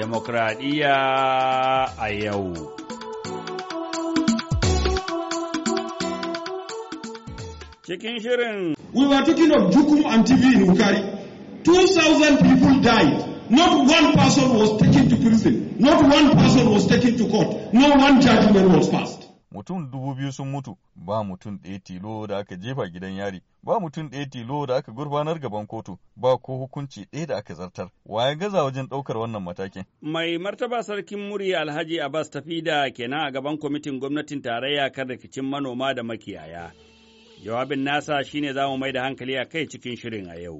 Demokradiyya a yau. Cikin shirin. We were talking of Jukum and TV in Ukari. 2,000 people died. Not one person was taken to prison. Not one person was taken to court. No one judgment was passed. mutum dubu biyu sun mutu ba mutum ɗaya tilo da aka jefa gidan yari ba mutum ɗaya tilo da aka gurbanar gaban kotu ba ko hukunci ɗaya da aka zartar wa ya gaza wajen ɗaukar wannan matakin. mai martaba sarkin murya alhaji abbas da kenan a gaban kwamitin gwamnatin tarayya kan rikicin manoma da makiyaya jawabin nasa shine za mu mai da hankali a kai cikin shirin a yau.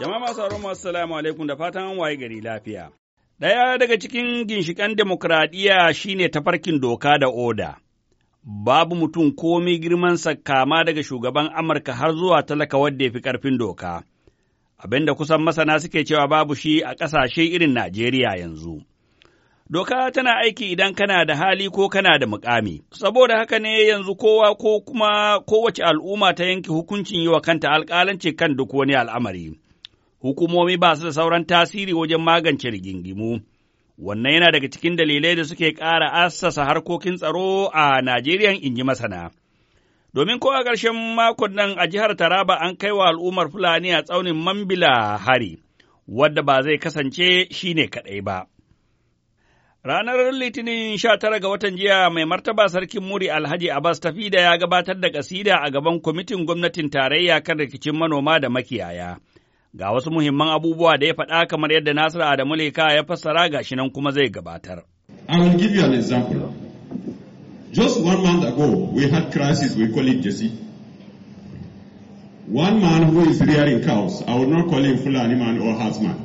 Jama'a masu aromu assalamu alaikum da fatan an waye gari lafiya. Ɗaya daga cikin ginshiƙan demokuraɗiyya shine tafarkin doka da oda. Babu mutum komi girmansa kama daga shugaban Amurka har zuwa talaka wadda ya fi ƙarfin doka, abin da kusan masana suke cewa babu shi a ƙasashe irin Najeriya yanzu. Doka tana aiki idan kana da hali ko kana da mukami, saboda haka ne yanzu kowa ko kuma kowace al'umma ta yanke hukuncin yi wa kanta alƙalanci kan duk wani al'amari. hukumomi ba su da sauran tasiri wajen magance rigingimu. Wannan yana daga cikin dalilai da suke ƙara assasa harkokin tsaro a Najeriya in ji masana. Domin ko a ƙarshen makon nan a jihar Taraba an kai wa al'ummar Fulani a tsaunin Mambila hari, wadda ba zai kasance shi ne kaɗai ba. Ranar Litinin sha tara ga watan jiya mai martaba sarkin muri Alhaji Abbas Tafida ya gabatar da ƙasida a gaban kwamitin gwamnatin tarayya kan rikicin manoma da makiyaya. Ga wasu muhimman abubuwa da ya faɗa kamar yadda Nasiru Adamu Leka ya fassara ga shi nan kuma zai gabatar. I will give you an example. Just one month ago, we had crisis, we call it Jesse. One man who is rearing cows, I will not call him Fulani man or herdsman,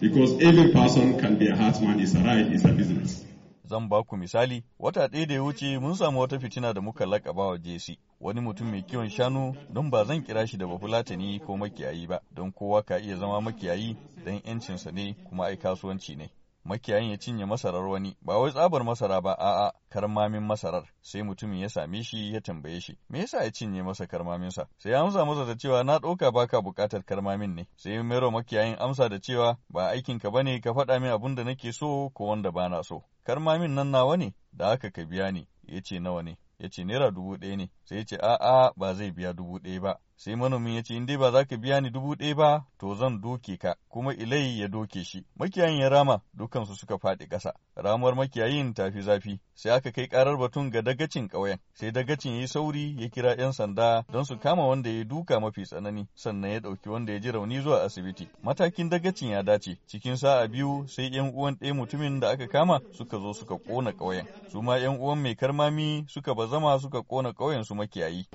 because every person can be a herdsman, is a right, is a business. Zan ba ku misali, wata ɗaya da ya wuce mun samu wata fitina da muka laƙaba wa JC. wani mutum mai kiwon shanu don ba zan kira shi da bafulatani ko makiyayi ba don kowa ka iya zama makiyayi don yancinsa ne kuma ai kasuwanci ne makiyayin ya cinye masarar wani ba wai tsabar masara ba a'a karmamin masarar sai mutumin ya same shi ya tambaye shi me yasa ya cinye masa karmaminsa sai ya amsa masa da cewa na ɗauka baka buƙatar karmamin ne sai mero makiyayin amsa da cewa ba aikin ka bane ka faɗa min abun da nake so ko wanda bana so karmamin nan nawa ne da haka ka biya ni ya ce nawa ne ya ce naira dubu ɗaya ne sai ya ce a'a ba zai biya dubu ɗaya ba sai manomin ya ce in dai ba za ka biya ni dubu ɗaya ba to zan doke ka kuma ilai ya doke shi makiyayin ya rama dukansu suka faɗi ƙasa ramuwar makiyayin tafi zafi sai aka kai karar batun ga dagacin ƙauyen sai dagacin ya yi sauri ya kira 'yan sanda don su kama wanda ya duka mafi tsanani sannan ya ɗauki wanda ya ji rauni zuwa asibiti matakin dagacin ya dace cikin sa'a biyu sai 'yan uwan ɗaya mutumin da aka kama suka zo suka ƙona ƙauyen su ma 'yan uwan mai karmami suka ba zama suka ƙona ƙauyen su makiyayi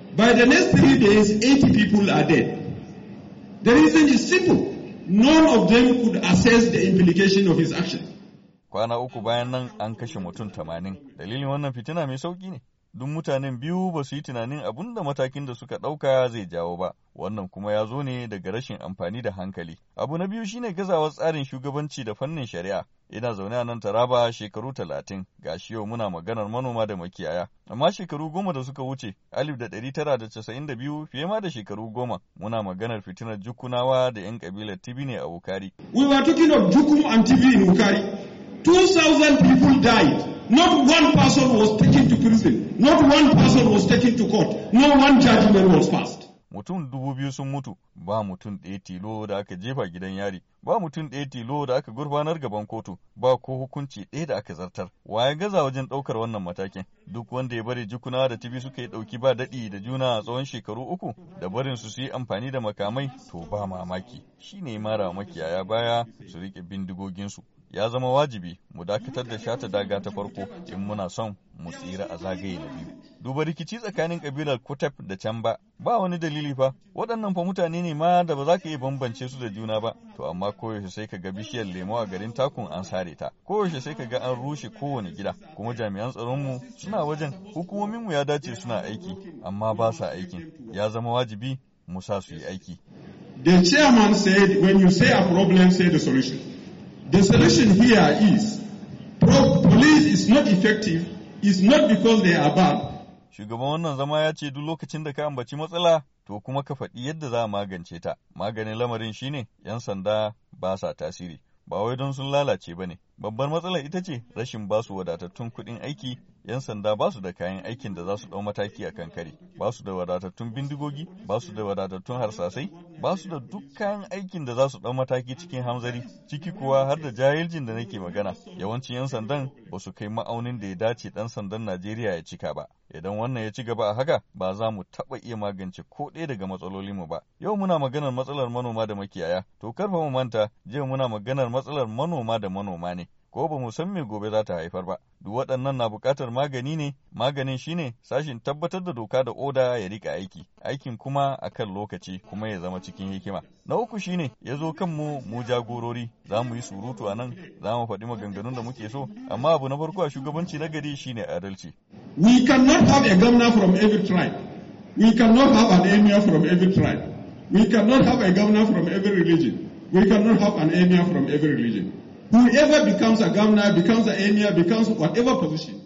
people are dead. The reason is simple. None of them could assess the implication of his action. Kwana uku bayan nan an kashe mutum tamanin. Dalilin wannan fitina mai sauki ne. Duk mutanen biyu ba su yi tunanin abun da matakin da suka ɗauka zai jawo ba. Wannan kuma ya zo ne daga rashin amfani da hankali. Abu na biyu shine gazawar tsarin shugabanci da fannin shari'a. Ina zaune a nan Taraba shekaru talatin, gashi yau muna maganar manoma da makiyaya. Amma shekaru goma da suka wuce, alif da ɗari tara da casa'in da biyu fiye ma da shekaru goma, muna maganar fitinar Jukunawa da 'yan ƙabilar Tibini a Wukari. We were talking of jukun and Tibini in Wukari. 2,000 people died. Not one person was taken to prison. Not one person was taken to court. No one judgment was passed. mutum dubu biyu sun mutu ba mutum ɗaya tilo da aka jefa gidan yari ba mutum ɗaya tilo da aka gurfanar gaban kotu ba ko hukunci ɗaya da aka zartar Wa ya gaza wajen ɗaukar wannan matakin duk wanda ya bari jikuna da tibi suka yi ɗauki ba daɗi da juna a tsawon shekaru uku da barin su su yi amfani da makamai to ba mamaki shine mara makiyaya baya su riƙe bindigoginsu ya zama wajibi mu dakatar da shata daga ta farko in muna son mu tsira a zagaye na biyu. Duba rikici tsakanin kabilar kutep da can ba ba wani dalili fa waɗannan fa mutane ne ma da ba za ka iya bambance su da juna ba to amma koyaushe sai ka ga bishiyar lemo a garin takun an sare ta koyaushe sai ka ga an rushe kowane gida kuma jami'an tsaronmu suna wajen hukumomin mu ya dace suna aiki amma ba sa aikin ya zama wajibi mu sa su yi aiki. The chairman said when you say a problem say the solution. The solution here is police is not effective is not because they are bad. Shugaban wannan zama ya ce duk lokacin da ka ambaci matsala to kuma ka faɗi yadda za a magance ta. Maganin lamarin shine 'yan sanda ba sa tasiri, ba wai don sun lalace ba ne, Babbar matsalar ita ce rashin basu wadatattun kuɗin aiki, 'yan sanda basu da kayan aikin da za su ɗau mataki a kankare, kare, basu da wadatattun bindigogi, basu da wadatattun harsasai, basu da duk kayan aikin da za su ɗau mataki cikin hamzari, ciki kuwa har da jahilcin da nake magana. Yawancin 'yan sandan ba su kai ma'aunin da ya dace ɗan sandan Najeriya ya cika ba. Idan wannan ya ci gaba a haka ba za mu taɓa iya magance ko ɗaya daga matsalolinmu ba. Yau muna maganar matsalar manoma da makiyaya, to karfa mu manta jiya muna maganar matsalar manoma da manoma ne. ko ba mu san me gobe za ta haifar ba. Duk waɗannan na buƙatar magani ne, maganin shine sashin tabbatar da doka da oda ya rika aiki, aikin kuma a kan lokaci kuma ya zama cikin hikima. Na uku shine ya zo kanmu mu jagorori, za mu yi surutu a nan, za mu faɗi maganganun da muke so, amma abu na farko a shugabanci na gari shine adalci. We cannot have a governor from every tribe. We cannot have an emir from every tribe. We cannot have a governor from every religion. We cannot have an emir from every religion. Whoever becomes a governor, becomes an emir, becomes whatever position.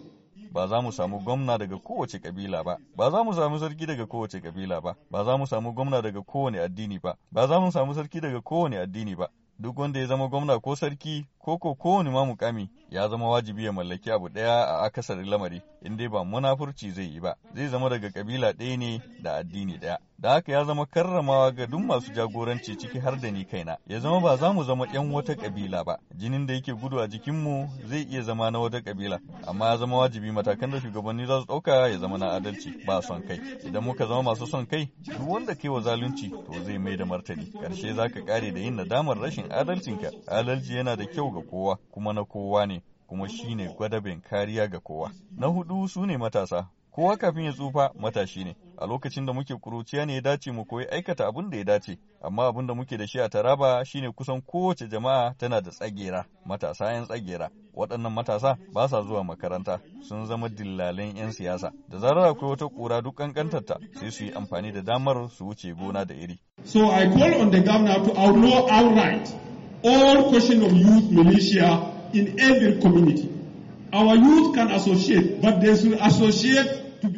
ba za mu samu gwamna daga kowace kabila ba, ba za mu samu sarki daga kowace kabila ba, ba za mu samu gwamna daga kowane addini ba, ba za mu samu sarki daga kowane addini ba, duk wanda ya zama gwamna ko sarki ko ko kowane ma mukami ya zama wajibi ya mallaki abu ɗaya a akasarin lamari in dai ba munafurci zai yi ba zai zama daga kabila ɗaya ne da addini ɗaya da haka ya zama karramawa ga duk masu jagoranci ciki har da ni kaina ya zama ba za mu zama yan wata kabila ba jinin da yake gudu a jikinmu zai iya zama na wata kabila amma ya zama wajibi matakan da shugabanni za su ɗauka ya zama na adalci ba son kai idan muka zama masu son kai duk wanda kai wa zalunci to zai mai da martani karshe za ka kare da yin nadamar rashin adalcinka adalci yana da kyau ga kowa kuma na kowa ne kuma shine gwadabin kariya ga kowa na hudu su ne matasa kowa kafin ya tsufa matashi ne a lokacin da muke kuruciya ne ya dace mu koyi aikata abin da ya dace amma abin da muke da shi a taraba shine kusan kowace jama'a tana da tsagera matasa yan tsagera waɗannan matasa ba sa zuwa makaranta sun zama dillalan yan siyasa da zarar akwai wata kura duk kankantarta sai su yi amfani da damar su wuce gona da iri so i call on the governor to outlaw outright all question of youth militia in every community Our youth can associate, but they should associate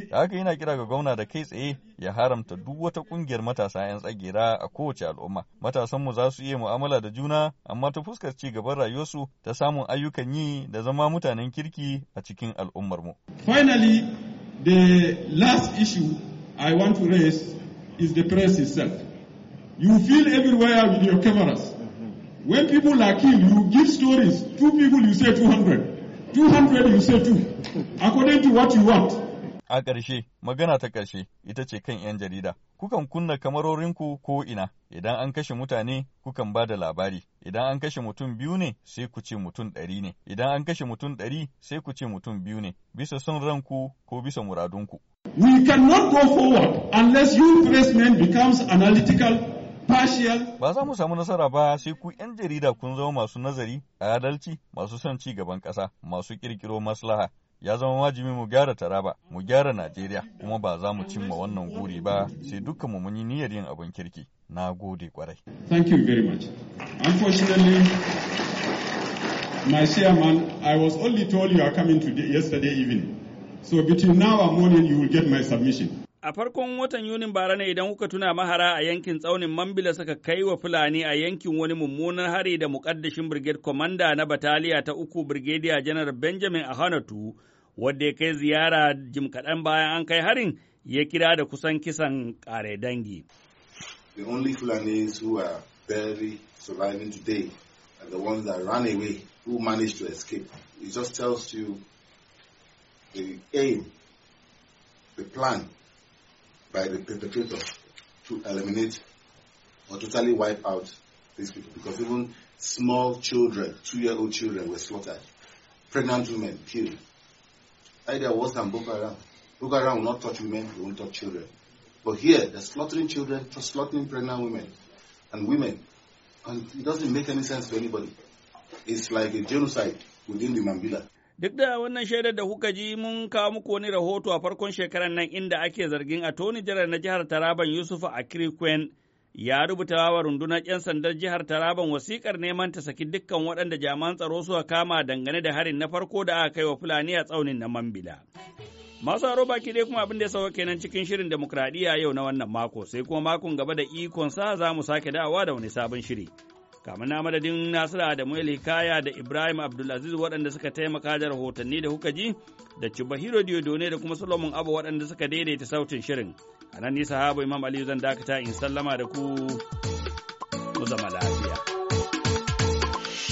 Da haka yana kira ga gwamna da kai tsaye ya haramta duk wata kungiyar matasa 'yan tsagera a kowace al'umma. Matasanmu za su iya mu'amala da juna, amma ta fuskar ci gaban rayuwarsu ta samun ayyukan yi da zama mutanen kirki a cikin al'ummarmu. Finally, the last issue I want to raise is the press itself. You feel everywhere with your cameras. When people like him, you give stories. Two people, you say 200. 200 you say 2 according to what you want a ƙarshe magana ta ƙarshe ita ce kan 'yan jarida kukan kunna kamarorinku ko ina idan an kashe mutane kukan ba da labari idan an kashe mutum biyu ne sai ku ce mutum ɗari ne idan an kashe mutum ɗari sai ku ce mutum biyu ne bisa son ranku ko bisa muradunku. We cannot go forward unless you men becomes analytical Ba za mu samu nasara ba sai ku 'yan jarida kun zama masu nazari, adalci, masu son ci gaban ƙasa, masu ƙirƙiro maslaha. Ya zama wajibi mu gyara Taraba, mu gyara Najeriya, kuma ba za mu cimma wannan guri ba sai dukkan mu mun yi niyyar yin abin kirki. Na gode kwarai. Thank you very much. Unfortunately, my chairman, I was only told you are coming today, yesterday evening. So between now and morning, you will get my submission. A farkon watan Yunin bara ne idan kuka tuna mahara a yankin tsaunin Mambila suka kai wa Fulani a yankin wani mummunan hari da mukaddashin Brigade Commander na Bataliya ta uku Brigadier General Benjamin Ahanatu, wadda ya kai ziyara jim kaɗan bayan an kai harin ya kira da kusan kisan ƙare dangi. The only Fulanis who are barely surviving today are the ones that ran away, who managed to escape. It just tells you the aim, the plan by the perpetrators to eliminate or totally wipe out these people because even small children, two year old children, were slaughtered. Pregnant women killed. Either was than Boko Haram. Boko Haram will not touch women, they won't touch children. But here, they're slaughtering children, slaughtering pregnant women and women. And it doesn't make any sense to anybody. It's like a genocide within the Mambila. Duk da wannan shaidar da kuka ji mun kawo muku wani rahoto a farkon shekarar nan inda ake zargin a toni jiran na jihar Taraban Yusuf Akrikwen ya rubuta wa rundunar 'yan sandar jihar Taraban wasikar neman ta saki dukkan waɗanda jami'an tsaro suka kama dangane da harin na farko da aka kai wa Fulani a tsaunin na Mambila. Masu haro baki dai kuma abin da ya sauka kenan cikin shirin demokradiyya yau na wannan mako sai kuma makon gaba da ikon sa za mu sake dawa da wani sabon shiri. kamar na madadin nasira da muel hikaya da ibrahim abdulaziz waɗanda suka taimaka da rahotanni da kuka ji da cibahiro diodone da kuma solomon abu waɗanda suka daidaita sautin shirin a nan nisa habu imam aliyu zan dakata in sallama da ku mu zama lafiya